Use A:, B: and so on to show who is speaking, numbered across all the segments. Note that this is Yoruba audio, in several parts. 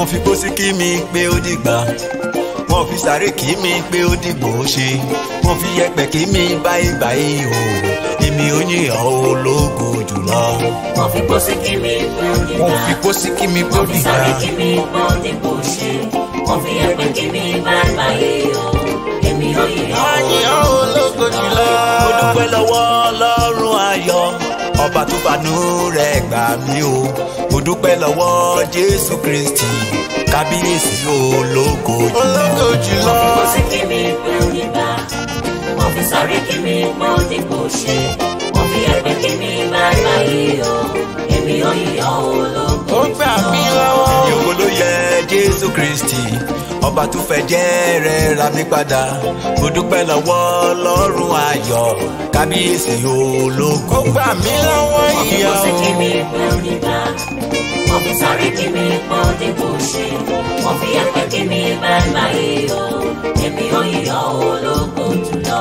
A: wọ́n fi pósí kí mi pé ó dìgbà wọ́n fi sáré kí mi pé ó dìgbò ó ṣe wọ́n fi yẹ̀pẹ̀ kí mi báyìí báyìí o èmi ò ní ìhàn ológo jùlọ. wọ́n fi pósí kí mi pé ó dìgbà wọ́n fi pósí kí mi pé ó dìgbà wọ́n fi sáré kí mi pé ó dìgbò ó ṣe wọ́n fi yẹ̀pẹ̀ kí mi báyìí báyìí o èmi ò ní ìhàn ológo jùlọ. mo dúpẹ́ lọ́wọ́ ọlọ́run ọba tó fanú rẹ̀ gbà mí o mo dúpẹ́ lọ́wọ́ jésù kristi kábíyèsí ológo jùlọ. ológo jùlọ. mo sì kí mi pé oníbà mo fi sọrí kí mi pé òdìbò ṣe mo fi ẹgbẹ́ kí mi máa gbà yìí o
B: èmi ò yíyọ
A: ológo jùlọ. ó gbà mí lọ́wọ́. yòókù ló yẹ jésù kristi ọba tó fẹ́ jẹ́ rẹ̀ ra mi padà mo dúpẹ́ lọ́wọ́ ọlọ́run ayọ̀ kábíyèsí ológo. ó gbà mí lọ́wọ́ ìyá o. wọ́n fi kọ́sí kí mi pé dípò ṣe
B: wọ́n fi ẹ̀pẹ́ kí mi báyìí báyìí o èmi ò yíyọ ológo jùlọ.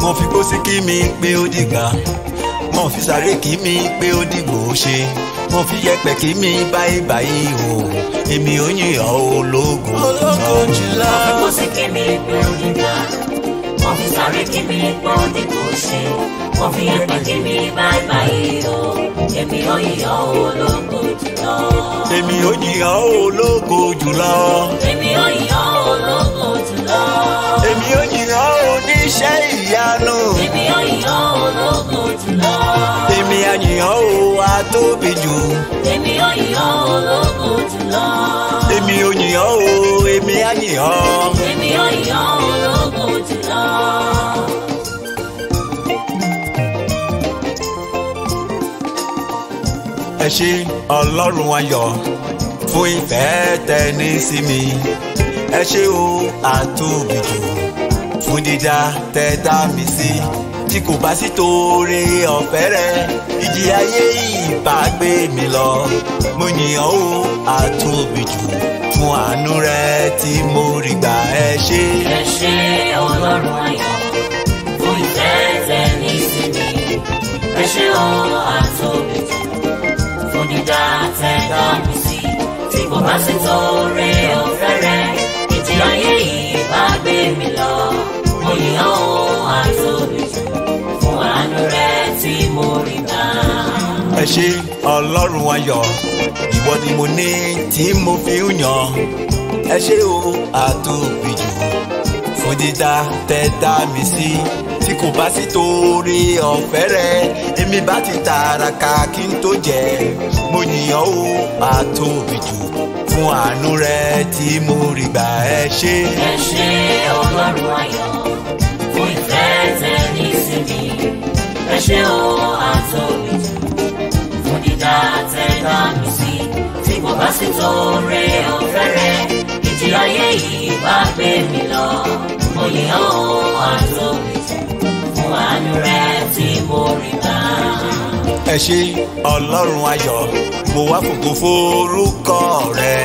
A: mo fi kó sí mi pé ó dìgbà mo fi sáré kí mi pé ó dìgbò ṣe mo fi yẹpẹ kí mi báyìí báyìí o èmi ò yìn ọ́ ológun. ológun
B: jùlọ. mo sì kí mi pé ó dìgbà mo fi sáré kí mi pé ó dìgbò ṣe mo fi yẹpẹ kí mi báyìí báyìí o èmi ò yìn ológun jùlọ.
A: èmi ò yìn ológun jùlọ. èmi ò yìn tóbi jù. èmi ò yàn ológo jùlọ. èmi ò yàn o èmi á yàn. èmi ò yàn ológo jùlọ. ẹ ṣé ọlọ́run ayọ̀ fún ìfẹ́ tẹ ní sí mi ẹ ṣé o àtòbìjù fún dídá tẹ dá mi sí tí kò bá sí toore ọ̀fẹ́ rẹ ìjì ayé ìbá gbé mi lọ mo yìnyàn ó àtúnbí jù fún àánú rẹ tí mo rí gbà ẹ ṣé. ẹ ṣé ọlọ́run ayọ̀ fún ìfẹ́ tẹ ní sinmi ẹ ṣé ó àtúnbí jù fún dídá
B: tẹ mi sí tí kò bá sí toore ọ̀fẹ́ rẹ ìjì ayé ìbá gbé mi lọ mo yìnyàn ó.
A: ẹ ṣé ọlọ́run ayọ̀ ìwọ ni mo ní tí mo fi ń yàn ẹ ṣé o àtòbìjù fún dídá tẹ dá mi sí tí kò bá sí torí ọ̀fẹ́ rẹ èmi bá ti tààràkà kí n tó jẹ mo yìnyàn o àtòbìjù fún àánú rẹ tí mo rí gbà ẹ ṣé. ẹ ṣé ọlọ́run ayọ̀ fún ìfẹ́ tẹ ní
B: sí mi ẹ ṣé o àtòbìjù. pásítọ̀ rẹ ọ̀fẹ́ rẹ ìjì ayé yìí bá gbé mi lọ òye ọ̀hún àtòkìtì fún àánú rẹ tí mo rí bá.
A: ẹ ṣé ọlọ́run ayọ̀ mo wá fògo forúkọ rẹ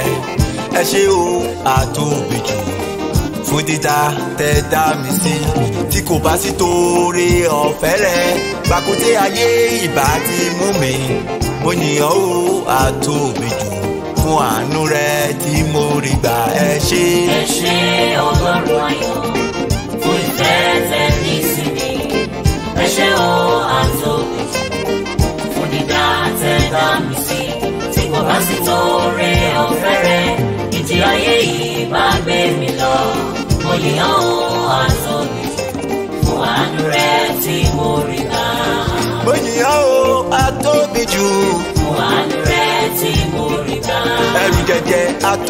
A: ẹ ṣé o àtòbìjù fún dídá tẹ dá mi sí tí kò bá sí toore ọ̀fẹ́ rẹ gbàkúté ayé ìbá ti mú mi mo yìn ọ́ o àtòbìjù fún àánú rẹ tí mo rí gbà ẹ ṣé. ẹ ṣé
B: ọlọ́run ayọ̀ fún ìfẹ́ tẹ́ ní sí ẹ ṣé o àtòbí fún dídá tẹ́ dá mi sí tí kò bá sí torí ọ̀fẹ́ rẹ ìjì ayé yìí bá gbé mi lọ mo lè hàn ó àtòbí fún àánú rẹ tí
A: mo rí gbà. mo lè hàn ó àtòbí jù.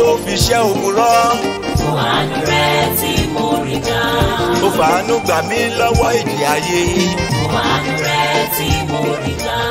A: tó fi ṣẹ́ ogun rọ́. fún àánú rẹ tí mo rí gbà. ó fàánú gbà mí lọ́wọ́ ìjì ayé. fún rẹ tí mo rí gbà.